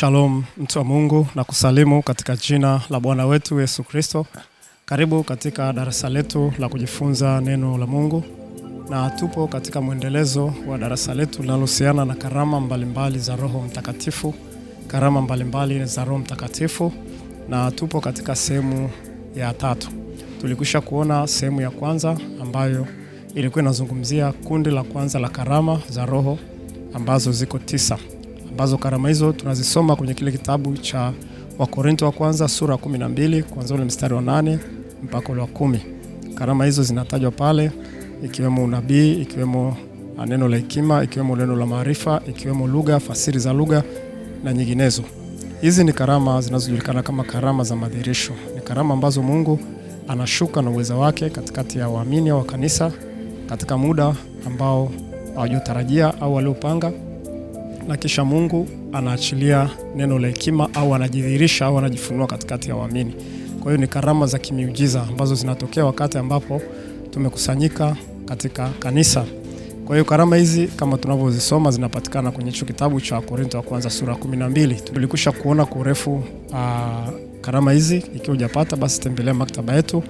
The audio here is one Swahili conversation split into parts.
Shalom mtu wa Mungu na kusalimu katika jina la Bwana wetu Yesu Kristo. Karibu katika darasa letu la kujifunza neno la Mungu, na tupo katika mwendelezo wa darasa letu linalohusiana na karama mbalimbali za Roho Mtakatifu, karama mbalimbali za Roho Mtakatifu, na tupo katika sehemu ya tatu. Tulikwisha kuona sehemu ya kwanza ambayo ilikuwa inazungumzia kundi la kwanza la karama za Roho ambazo ziko tisa ambazo karama hizo tunazisoma kwenye kile kitabu cha Wakorinto wa kwanza sura 12 kuanzia ule mstari wa nane mpaka ule wa kumi. Karama hizo zinatajwa pale, ikiwemo unabii, ikiwemo ah, neno la hekima, ikiwemo neno la maarifa, ikiwemo lugha, fasiri za lugha na nyinginezo. Hizi ni karama zinazojulikana kama karama za madhihirisho. Ni karama ambazo Mungu anashuka na uweza wake katikati ya waamini wa kanisa katika muda ambao hawajotarajia au waliopanga na kisha Mungu anaachilia neno la hekima au anajidhihirisha au anajifunua katikati ya waamini. Kwa hiyo ni karama za kimiujiza ambazo zinatokea wakati ambapo tumekusanyika katika kanisa. Kwa hiyo karama hizi kama tunavyozisoma zinapatikana kwenye hicho kitabu cha Korinto wa kwanza sura 12. tulikusha kuona kwa urefu ah, karama hizi. Ikiwa hujapata basi tembelea maktaba yetu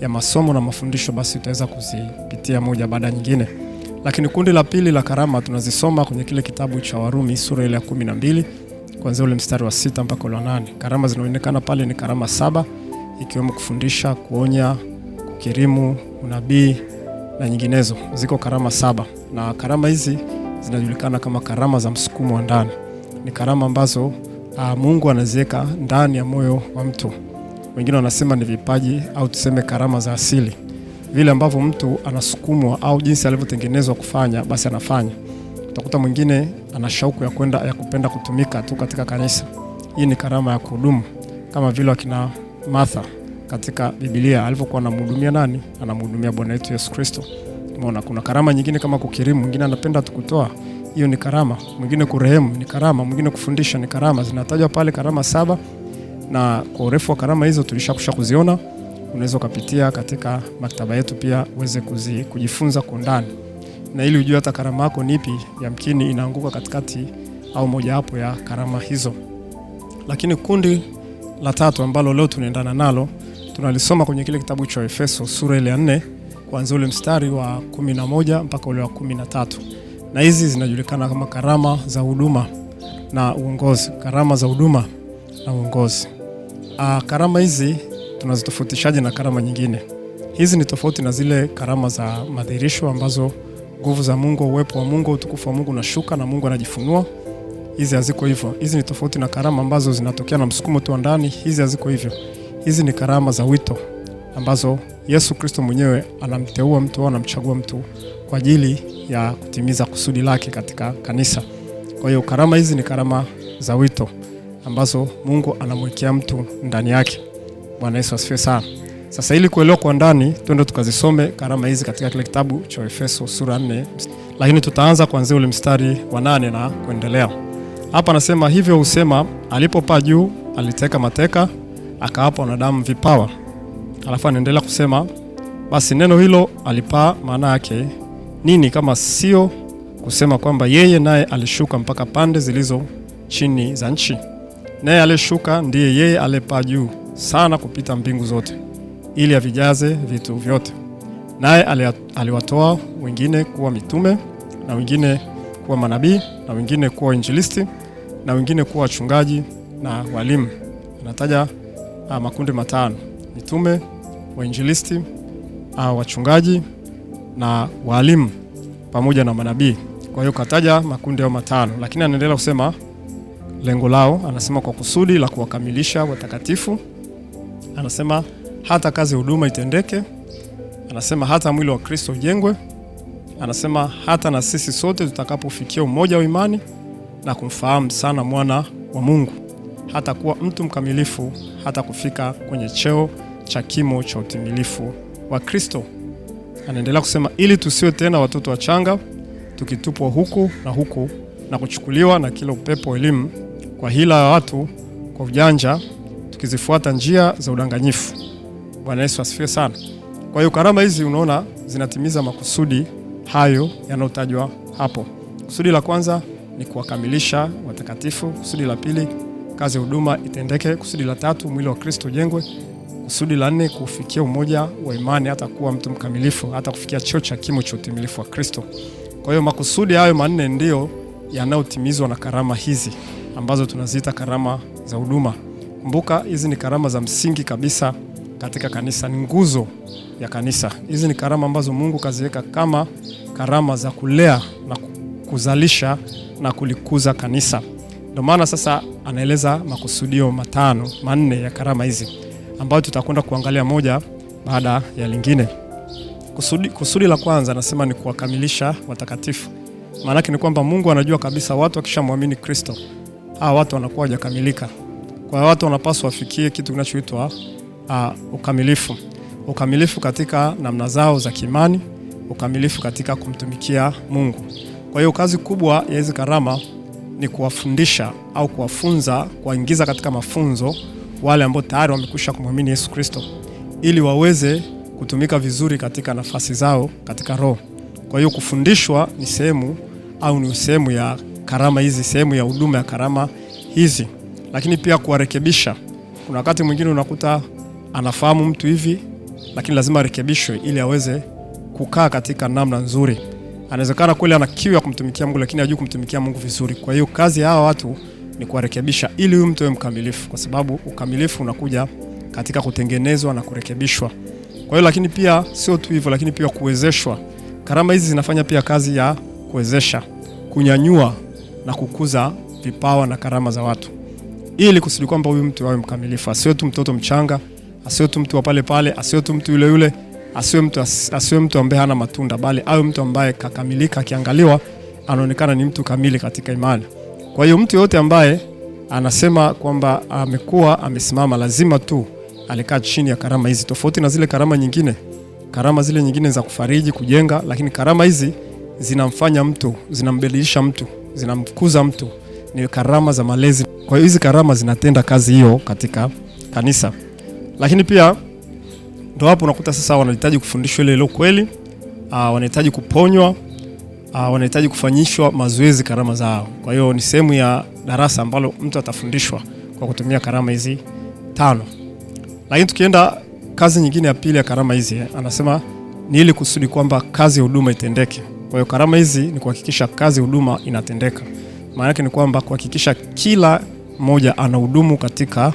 ya masomo na mafundisho, basi utaweza kuzipitia moja baada nyingine. Lakini kundi la pili la karama tunazisoma kwenye kile kitabu cha Warumi sura ile ya 12 kuanzia ule mstari wa sita mpaka ule wa nane. Karama zinaonekana pale ni karama saba, ikiwemo kufundisha, kuonya, kukirimu, unabii na nyinginezo. Ziko karama saba, na karama hizi zinajulikana kama karama za msukumo wa ndani. Ni karama ambazo ah, Mungu anaziweka ndani ya moyo wa mtu. Wengine wanasema ni vipaji au tuseme karama za asili vile ambavyo mtu anasukumwa au jinsi alivyotengenezwa kufanya, basi anafanya. Utakuta mwingine ana shauku ya kwenda ya kupenda kutumika tu katika kanisa. Hii ni karama ya kuhudumu, kama vile wakina Martha katika Biblia alivyokuwa anamhudumia nani? Anamhudumia Bwana wetu Yesu Kristo. Umeona, kuna karama nyingine kama kukirimu, mwingine anapenda tukutoa, hiyo ni karama. Mwingine kurehemu ni karama, mwingine kufundisha ni karama. Zinatajwa pale karama saba, na kwa urefu wa karama hizo tulishakusha kuziona unaweza ukapitia katika maktaba yetu pia uweze kuzi, kujifunza kwa undani na ili ujue hata karama yako ni ipi, yamkini inaanguka katikati au mojawapo ya karama hizo. Lakini kundi la tatu ambalo leo tunaendana nalo tunalisoma kwenye kile kitabu cha Efeso sura ile ya 4 kuanzia ule mstari wa 11 mpaka ule wa 13, na hizi zinajulikana kama karama za huduma na uongozi. Karama za huduma na uongozi. Ah, karama hizi tunazitofautishaje na karama nyingine? Hizi ni tofauti na zile karama za madhihirisho ambazo nguvu za Mungu, uwepo wa Mungu, utukufu wa Mungu unashuka na Mungu anajifunua. Hizi haziko hivyo. Hizi ni tofauti na karama ambazo zinatokea na msukumo tu ndani. Hizi haziko hivyo. Hizi ni karama za wito ambazo Yesu Kristo mwenyewe anamteua mtu au anamchagua mtu kwa ajili ya kutimiza kusudi lake katika kanisa. Kwa hiyo karama hizi ni karama za wito ambazo Mungu anamwekea mtu ndani yake. Bwana Yesu asifiwe sana. Sasa ili kuelewa kwa ndani, twende tukazisome karama hizi katika kile kitabu cha Efeso sura 4, lakini tutaanza kuanzia ule mstari wa nane na kuendelea. Hapa anasema hivyo husema, alipopaa juu aliteka mateka, akawapa wanadamu vipawa. Alafu anaendelea kusema, basi neno hilo alipaa, maana yake nini kama sio kusema kwamba yeye naye alishuka mpaka pande zilizo chini za nchi? Naye aliyeshuka ndiye yeye aliyepaa juu sana kupita mbingu zote, ili avijaze vitu vyote. Naye aliwatoa wengine kuwa mitume na wengine kuwa manabii na wengine kuwa injilisti na wengine kuwa wachungaji na walimu. Anataja uh, makundi matano: mitume, wainjilisti, uh, wachungaji na walimu pamoja na manabii. Kwa hiyo kataja makundi hayo matano, lakini anaendelea kusema lengo lao, anasema kwa kusudi la kuwakamilisha watakatifu anasema hata kazi ya huduma itendeke, anasema hata mwili wa Kristo ujengwe, anasema hata na sisi sote tutakapofikia umoja wa imani na kumfahamu sana mwana wa Mungu, hata kuwa mtu mkamilifu, hata kufika kwenye cheo cha kimo cha utimilifu wa Kristo. Anaendelea kusema ili tusiwe tena watoto wachanga tukitupwa huku na huku na kuchukuliwa na kila upepo wa elimu, kwa hila ya watu, kwa ujanja tukizifuata njia za udanganyifu. Bwana Yesu asifiwe sana. Kwa hiyo karama hizi unaona zinatimiza makusudi hayo yanayotajwa hapo. Kusudi la kwanza ni kuwakamilisha watakatifu. Kusudi la pili kazi ya huduma itendeke. Kusudi la tatu mwili wa Kristo ujengwe. Kusudi la nne kufikia umoja wa imani, hata kuwa mtu mkamilifu, hata kufikia cheo cha kimo cha utimilifu wa Kristo. Kwa hiyo makusudi hayo manne ndiyo yanayotimizwa na karama hizi ambazo tunaziita karama za huduma. Kumbuka hizi ni karama za msingi kabisa katika kanisa, ni nguzo ya kanisa. Hizi ni karama ambazo Mungu kaziweka kama karama za kulea na kuzalisha na kulikuza kanisa. Ndio maana sasa anaeleza makusudio matano manne ya karama hizi ambayo tutakwenda kuangalia moja baada ya lingine. Kusudi, kusudi la kwanza anasema ni kuwakamilisha watakatifu. Maanake ni kwamba Mungu anajua kabisa watu wakishamwamini Kristo hawa watu wanakuwa hawajakamilika kwa watu wanapaswa wafikie kitu kinachoitwa uh, ukamilifu, ukamilifu katika namna zao za kiimani, ukamilifu katika kumtumikia Mungu. Kwa hiyo kazi kubwa ya hizi karama ni kuwafundisha au kuwafunza, kuwaingiza katika mafunzo wale ambao tayari wamekwisha kumwamini Yesu Kristo, ili waweze kutumika vizuri katika nafasi zao katika roho. Kwa hiyo kufundishwa ni sehemu au ni sehemu ya karama hizi, sehemu ya huduma ya karama hizi lakini pia kuwarekebisha. Kuna wakati mwingine unakuta anafahamu mtu hivi, lakini lazima arekebishwe ili aweze kukaa katika namna nzuri. Anawezekana kweli ana kiu ya kumtumikia Mungu, lakini hajui kumtumikia Mungu vizuri. Kwa hiyo kazi ya hawa watu ni kuwarekebisha ili huyu mtu awe mkamilifu, kwa sababu ukamilifu unakuja katika kutengenezwa na kurekebishwa. Kwa hiyo lakini pia sio tu hivyo, lakini pia kuwezeshwa. Karama hizi zinafanya pia kazi ya kuwezesha, kunyanyua na kukuza vipawa na karama za watu ili kusudi kwamba huyu mtu awe mkamilifu, asiwe tu mtoto mchanga, asiwe tu mtu wa pale pale, asiwe tu mtu yule yule, asiwe mtu, asiwe mtu ambaye hana matunda, bali awe mtu ambaye kakamilika, akiangaliwa anaonekana ni mtu kamili katika imani. Kwa hiyo mtu yote ambaye anasema kwamba amekuwa amesimama, lazima tu alikaa chini ya karama hizi, tofauti na zile karama nyingine. Karama zile nyingine za kufariji, kujenga, lakini karama hizi zinamfanya mtu, zinambadilisha mtu, zinamkuza mtu ni karama za malezi. Kwa hiyo hizi karama zinatenda kazi hiyo katika kanisa, lakini pia ndo hapo unakuta sasa wanahitaji kufundishwa ile ile kweli, ah, wanahitaji kuponywa, ah, wanahitaji kufanyishwa mazoezi karama zao. Kwa hiyo ni sehemu ya darasa ambalo mtu atafundishwa kwa kutumia karama hizi tano. Lakini tukienda kazi nyingine ya pili ya karama hizi, anasema ni ili kusudi kwamba kazi ya huduma itendeke. Kwa hiyo karama hizi ni kuhakikisha kazi huduma inatendeka. Maana yake ni kwamba kuhakikisha kila mmoja anahudumu katika,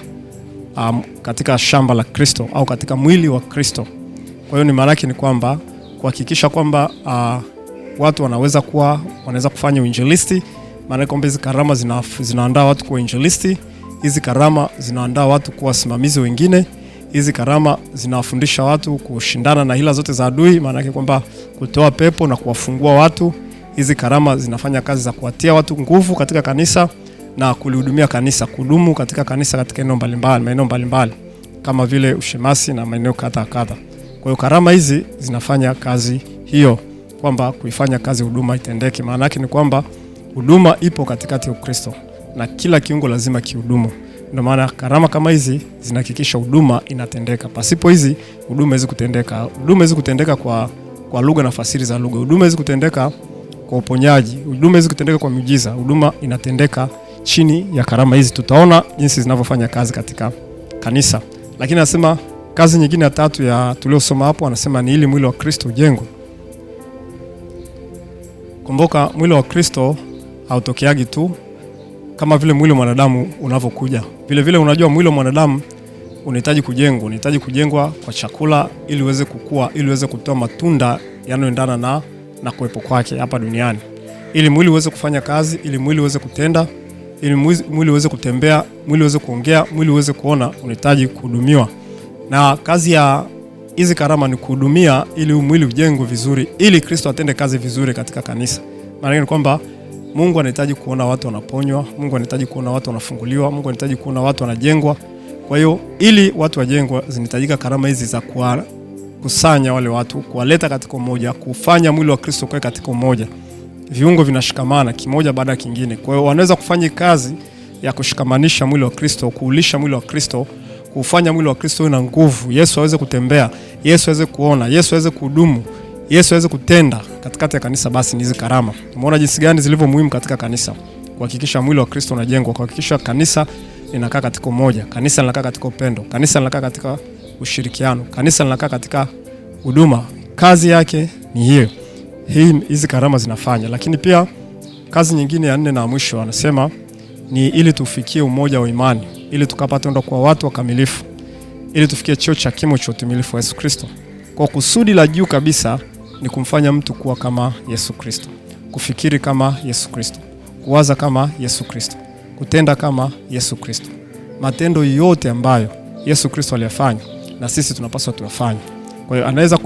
um, katika shamba la Kristo au katika mwili wa Kristo. Kwa hiyo ni maana yake ni kwamba kuhakikisha kwamba uh, watu wanaweza kuwa wanaweza kufanya uinjilisti. Maana kwamba hizi karama zina, zinaandaa watu kuwa uinjilisti, Hizi karama zinaandaa watu kuwa wasimamizi wengine. Hizi karama zinawafundisha watu kushindana na hila zote za adui, maana yake kwamba kutoa pepo na kuwafungua watu hizi karama zinafanya kazi za kuwatia watu nguvu katika kanisa na kulihudumia kanisa, kudumu katika kanisa katika eneo mbalimbali, maeneo mbalimbali kama vile ushemasi na maeneo kadha kadha. Kwa hiyo karama hizi zinafanya kazi hiyo, kwamba kuifanya kazi huduma itendeke. Maana yake ni kwamba huduma ipo katikati ya Ukristo na kila kiungo lazima kihudumu. Ndio maana karama kama hizi zinahakikisha huduma inatendeka. Pasipo hizi huduma hizi kutendeka, huduma hizi kutendeka kwa, kwa lugha na fasiri za lugha, huduma hizi kutendeka kwa uponyaji. Huduma hizi kutendeka kwa miujiza, huduma inatendeka chini ya karama hizi. Tutaona jinsi zinavyofanya kazi katika kanisa, lakini anasema kazi nyingine ya tatu ya tuliosoma hapo, anasema ni ili mwili wa Kristo ujengwe. Kumbuka mwili wa Kristo hautokeagi tu kama vile mwili wa mwanadamu unavyokuja. Vile vile unajua mwili wa mwanadamu unahitaji kujengwa, unahitaji kujengwa kwa chakula ili uweze kukua, ili uweze kutoa matunda yanayoendana na na kuwepo kwake hapa duniani, ili mwili uweze kufanya kazi, ili mwili uweze kutenda, ili mwili uweze kutembea, mwili uweze kuongea, mwili uweze kuona, unahitaji kuhudumiwa. Na kazi ya hizi karama ni kuhudumia, ili mwili ujengwe vizuri, ili Kristo atende kazi vizuri katika kanisa. Maana ni kwamba Mungu anahitaji kuona watu wanaponywa, Mungu anahitaji kuona watu wanafunguliwa, Mungu anahitaji kuona watu wanajengwa. Kwa hiyo ili watu wajengwa, zinahitajika karama hizi za kuwa kukusanya wale watu, kuwaleta katika umoja, kufanya mwili wa Kristo kuwe katika umoja. Viungo vinashikamana kimoja baada ya kingine. Kwa hiyo wanaweza kufanya kazi ya kushikamanisha mwili wa Kristo, kuulisha mwili wa Kristo, kufanya mwili wa Kristo na nguvu, Yesu aweze kutembea, Yesu aweze kuona, Yesu aweze kuhudumu, Yesu aweze kutenda katikati ya kanisa. Basi ni hizi karama, umeona jinsi gani zilivyo muhimu katika kanisa, kuhakikisha mwili wa Kristo unajengwa, kuhakikisha kanisa linakaa katika umoja, kanisa linakaa katika upendo, kanisa linakaa katika ushirikiano. Kanisa linakaa katika huduma, kazi yake ni hiyo. Hii hizi karama zinafanya, lakini pia kazi nyingine ya nne na mwisho anasema ni ili tufikie umoja wa imani, ili tukapate ndo kwa watu wakamilifu, ili tufikie cheo cha kimo cha utimilifu wa Yesu Kristo. Kwa kusudi la juu kabisa ni kumfanya mtu kuwa kama Yesu Kristo, kufikiri kama Yesu Kristo, kuwaza kama Yesu Kristo, kutenda kama Yesu Kristo. Matendo yote ambayo Yesu Kristo aliyafanya na sisi tunapaswa tuyafanye. Kwa hiyo anaweza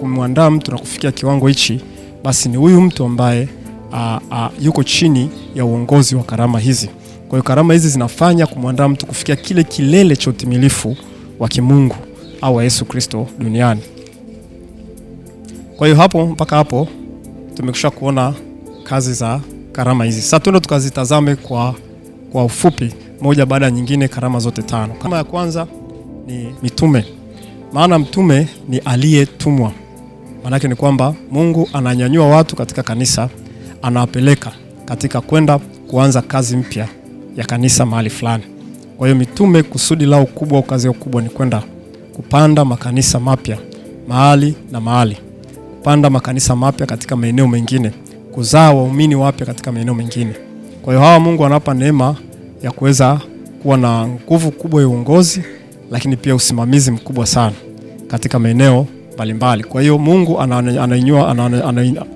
kumwandaa mtu na kufikia kiwango hichi, basi ni huyu mtu ambaye a, a, yuko chini ya uongozi wa karama hizi. Kwa hiyo karama hizi zinafanya kumwandaa mtu kufikia kile kilele cha utimilifu wa kimungu au wa Yesu Kristo duniani. Kwa hiyo hapo mpaka hapo tumekwisha kuona kazi za karama hizi. Sasa tuende tukazitazame kwa, kwa ufupi moja baada ya nyingine karama zote tano. Karama ya kwanza ni mitume, maana mtume ni aliyetumwa. Maanake ni kwamba Mungu ananyanyua watu katika kanisa, anawapeleka katika kwenda kuanza kazi mpya ya kanisa mahali fulani. Kwa hiyo mitume, kusudi lao kubwa au kazi yao kubwa ni kwenda kupanda makanisa mapya mahali na mahali, kupanda makanisa mapya katika maeneo mengine, kuzaa waumini wapya katika maeneo mengine. Kwa hiyo hawa Mungu anawapa neema ya kuweza kuwa na nguvu kubwa ya uongozi lakini pia usimamizi mkubwa sana katika maeneo mbalimbali. Kwa hiyo Mungu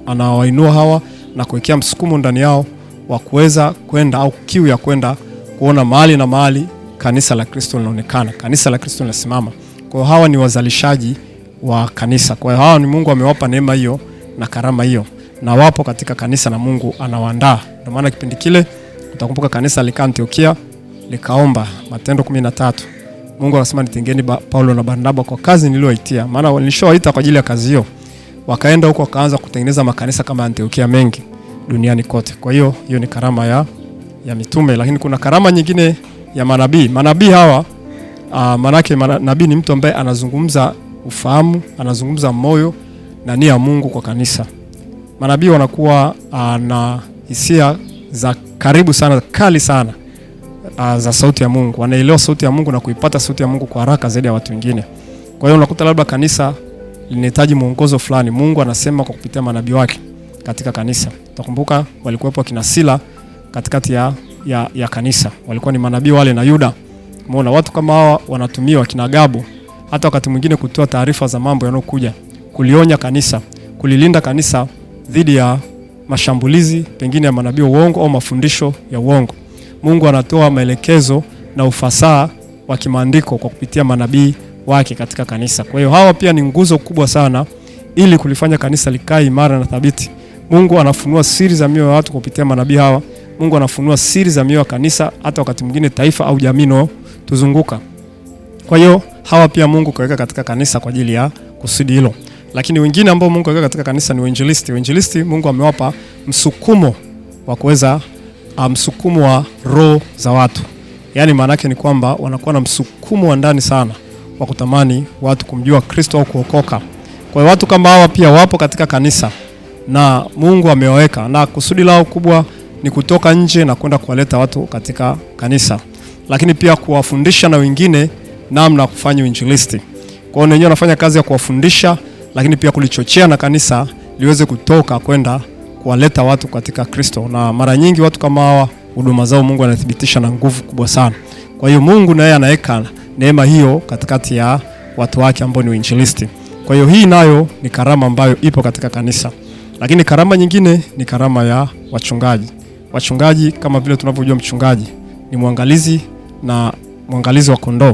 anawainua hawa na kuwekea msukumo ndani yao wa kuweza kwenda au kiu ya kwenda kuona mahali na mahali kanisa la Kristo linaonekana, kanisa la Kristo linasimama. Kwa hawa ni wazalishaji wa kanisa. Kwa hiyo hawa ni Mungu amewapa neema hiyo na karama hiyo, na wapo katika kanisa na Mungu anawaandaa. Ndio maana kipindi kile utakumbuka kanisa likaa Antiokia likaomba, Matendo 13. Mungu akasema nitengeni Paulo na Barnaba kwa kazi niliyoitia, maana nilishowaita kwa ajili ya kazi hiyo. Wakaenda huko wakaanza kutengeneza makanisa kama Antiokia mengi duniani kote. Kwa hiyo hiyo ni karama ya, ya mitume, lakini kuna karama nyingine ya manabii. Manabii hawa ah, manake nabii ni mtu ambaye anazungumza ufahamu, anazungumza moyo na nia ya Mungu kwa kanisa. Manabii wanakuwa ah, na hisia za karibu sana, kali sana uh, za sauti ya Mungu, wanaelewa sauti ya Mungu na kuipata sauti ya Mungu kwa haraka zaidi ya watu wengine. Kwa hiyo unakuta labda kanisa linahitaji mwongozo fulani, Mungu anasema kwa kupitia manabii wake katika kanisa. Utakumbuka walikuwepo kina Sila katikati ya, ya, ya kanisa, walikuwa ni manabii wale na Yuda. Umeona watu kama hawa wanatumiwa kina Gabu hata wakati mwingine kutoa taarifa za mambo yanayokuja, kulionya kanisa, kulilinda kanisa dhidi ya mashambulizi pengine ya manabii wa uongo au mafundisho ya uongo. Mungu anatoa maelekezo na ufasaha wa kimaandiko kwa kupitia manabii wake katika kanisa. Kwa hiyo hawa pia ni nguzo kubwa sana ili kulifanya kanisa likae imara na thabiti. Mungu anafunua siri za mioyo ya watu kupitia manabii hawa. Mungu anafunua siri za mioyo ya kanisa, hata wakati mwingine taifa au jamii nao tuzunguka. Kwa hiyo hawa pia Mungu kaweka katika kanisa kwa ajili ya kusudi hilo. Lakini wengine ambao Mungu kaweka katika kanisa ni wainjilisti. Wainjilisti Mungu amewapa msukumo wa kuweza Ah, msukumo wa roho za watu, yaani maanake ni kwamba wanakuwa na msukumo wa ndani sana wa kutamani watu kumjua Kristo au kuokoka. Kwa hiyo watu kama hawa pia wapo katika kanisa na Mungu amewaweka, na kusudi lao kubwa ni kutoka nje na kwenda kuwaleta watu katika kanisa, lakini pia kuwafundisha na wengine namna ya kufanya uinjilisti. Kwa hiyo wenyewe wanafanya kazi ya kuwafundisha, lakini pia kulichochea na kanisa liweze kutoka kwenda kuwaleta watu katika Kristo, na mara nyingi watu kama hawa huduma zao Mungu anathibitisha na nguvu kubwa sana. Kwa hiyo Mungu naye anaweka neema hiyo katikati ya watu wake ambao ni uinjilisti. Kwa hiyo hii nayo ni karama ambayo ipo katika kanisa, lakini karama nyingine ni karama ya wachungaji. Wachungaji kama vile tunavyojua, mchungaji ni mwangalizi na mwangalizi wa kondoo.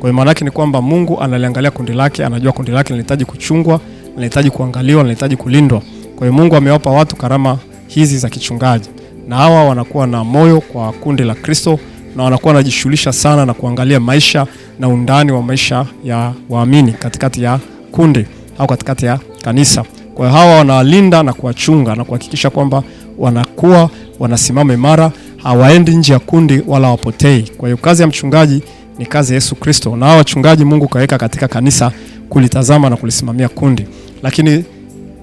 Kwa hiyo maana yake ni kwamba Mungu analiangalia kundi lake, anajua kundi lake linahitaji kuchungwa, linahitaji kuangaliwa, linahitaji kulindwa. Kwa hiyo Mungu amewapa watu karama hizi za kichungaji, na hawa wanakuwa na moyo kwa kundi la Kristo na wanakuwa wanajishughulisha sana na kuangalia maisha na undani wa maisha ya waamini katikati ya kundi au katikati ya kanisa. Kwa hiyo hawa wanawalinda na kuwachunga na kuhakikisha kwamba wanakuwa wanasimama imara, hawaendi nje ya kundi wala wapotei. Kwa hiyo kazi ya mchungaji ni kazi ya Yesu Kristo, na hawa wachungaji Mungu kaweka katika kanisa kulitazama na kulisimamia kundi, lakini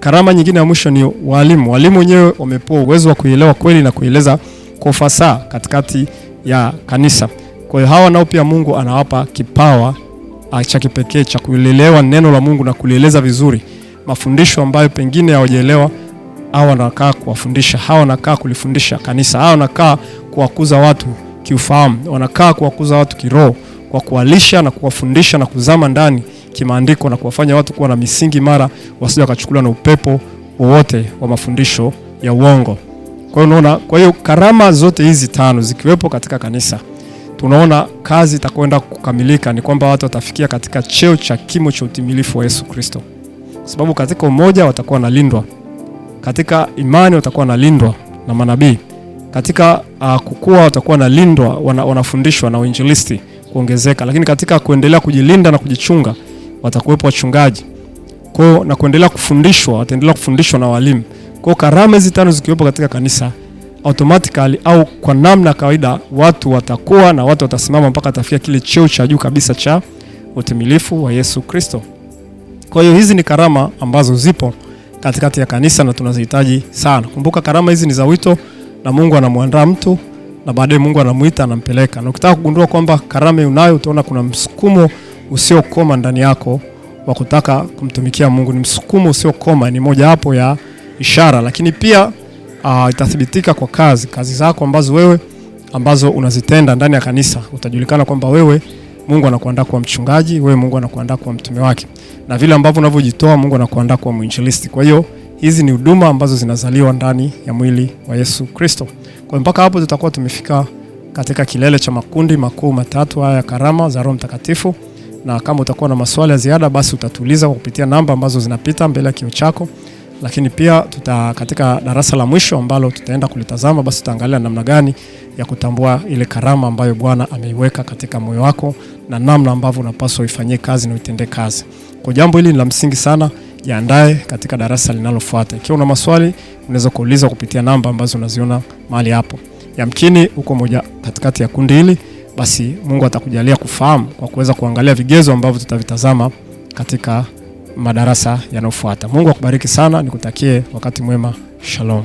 Karama nyingine ya mwisho ni walimu. Walimu wenyewe wamepewa uwezo wa kuielewa kweli na kueleza kwa ufasaha katikati ya kanisa. Kwa hiyo hawa nao pia Mungu anawapa kipawa ah, cha kipekee cha kulielewa neno la Mungu na kulieleza vizuri, mafundisho ambayo pengine hawajaelewa hawa wanakaa kuwafundisha, hawa wanakaa kulifundisha kanisa, hawa wanakaa kuwakuza watu kiufahamu, wanakaa kuwakuza watu kiroho kwa kuwalisha na kuwafundisha na kuzama ndani kimaandiko na kuwafanya watu kuwa na misingi mara wasije wakachukuliwa na upepo wowote wa mafundisho ya uongo. Kwa hiyo unaona, kwa hiyo karama zote hizi tano zikiwepo katika kanisa, tunaona kazi itakwenda kukamilika ni kwamba watu watafikia katika cheo cha kimo cha utimilifu wa Yesu Kristo, kwa sababu katika umoja watakuwa wanalindwa, katika imani watakuwa wanalindwa na manabii, katika uh, kukua watakuwa wanalindwa, wanafundishwa na uinjilisti kuongezeka, lakini katika kuendelea kujilinda na kujichunga watakuwepo wachungaji kwao na kuendelea kufundishwa, wataendelea kufundishwa na walimu Kwa Karama hizi tano zikiwepo katika kanisa automatically au kwa namna kawaida, watu watakuwa na watu watasimama mpaka atafikia kile cheo cha juu kabisa cha utimilifu wa Yesu Kristo. Kwa hiyo hizi ni karama ambazo zipo katikati ya kanisa na tunazihitaji sana. Kumbuka karama hizi ni za wito, na Mungu anamwandaa mtu na baadaye Mungu anamuita anampeleka, na ukitaka kugundua kwamba karama unayo, utaona kuna msukumo usiokoma ndani yako wa kutaka kumtumikia Mungu. Ni msukumo usiokoma, ni mojawapo ya ishara, lakini pia uh, itathibitika kwa kazi kazi zako ambazo wewe ambazo unazitenda ndani ya kanisa. Utajulikana kwamba wewe Mungu anakuandaa kuwa mchungaji, wewe Mungu anakuandaa kuwa mtume wake, na vile ambavyo unavyojitoa Mungu anakuandaa kuwa mwinjilisti. Kwa hiyo hizi ni huduma ambazo zinazaliwa ndani ya mwili wa Yesu Kristo. Kwa mpaka hapo tutakuwa tumefika katika kilele cha makundi makuu matatu haya ya karama za Roho Mtakatifu na kama utakuwa na maswali ya ziada basi utatuuliza kwa kupitia namba ambazo zinapita mbele ya kio chako, lakini pia tuta katika darasa la mwisho ambalo tutaenda kulitazama, basi tutaangalia namna gani ya kutambua ile karama ambayo Bwana ameiweka katika moyo wako na namna ambavyo unapaswa uifanyie kazi na uitendee kazi. Kwa jambo hili ni la msingi sana, jiandae katika darasa linalofuata. Ikiwa una maswali unaweza kuuliza kupitia namba ambazo unaziona mahali hapo. Yamkini uko moja katikati ya kundi hili basi Mungu atakujalia kufahamu kwa kuweza kuangalia vigezo ambavyo tutavitazama katika madarasa yanayofuata. Mungu akubariki sana, nikutakie wakati mwema. Shalom.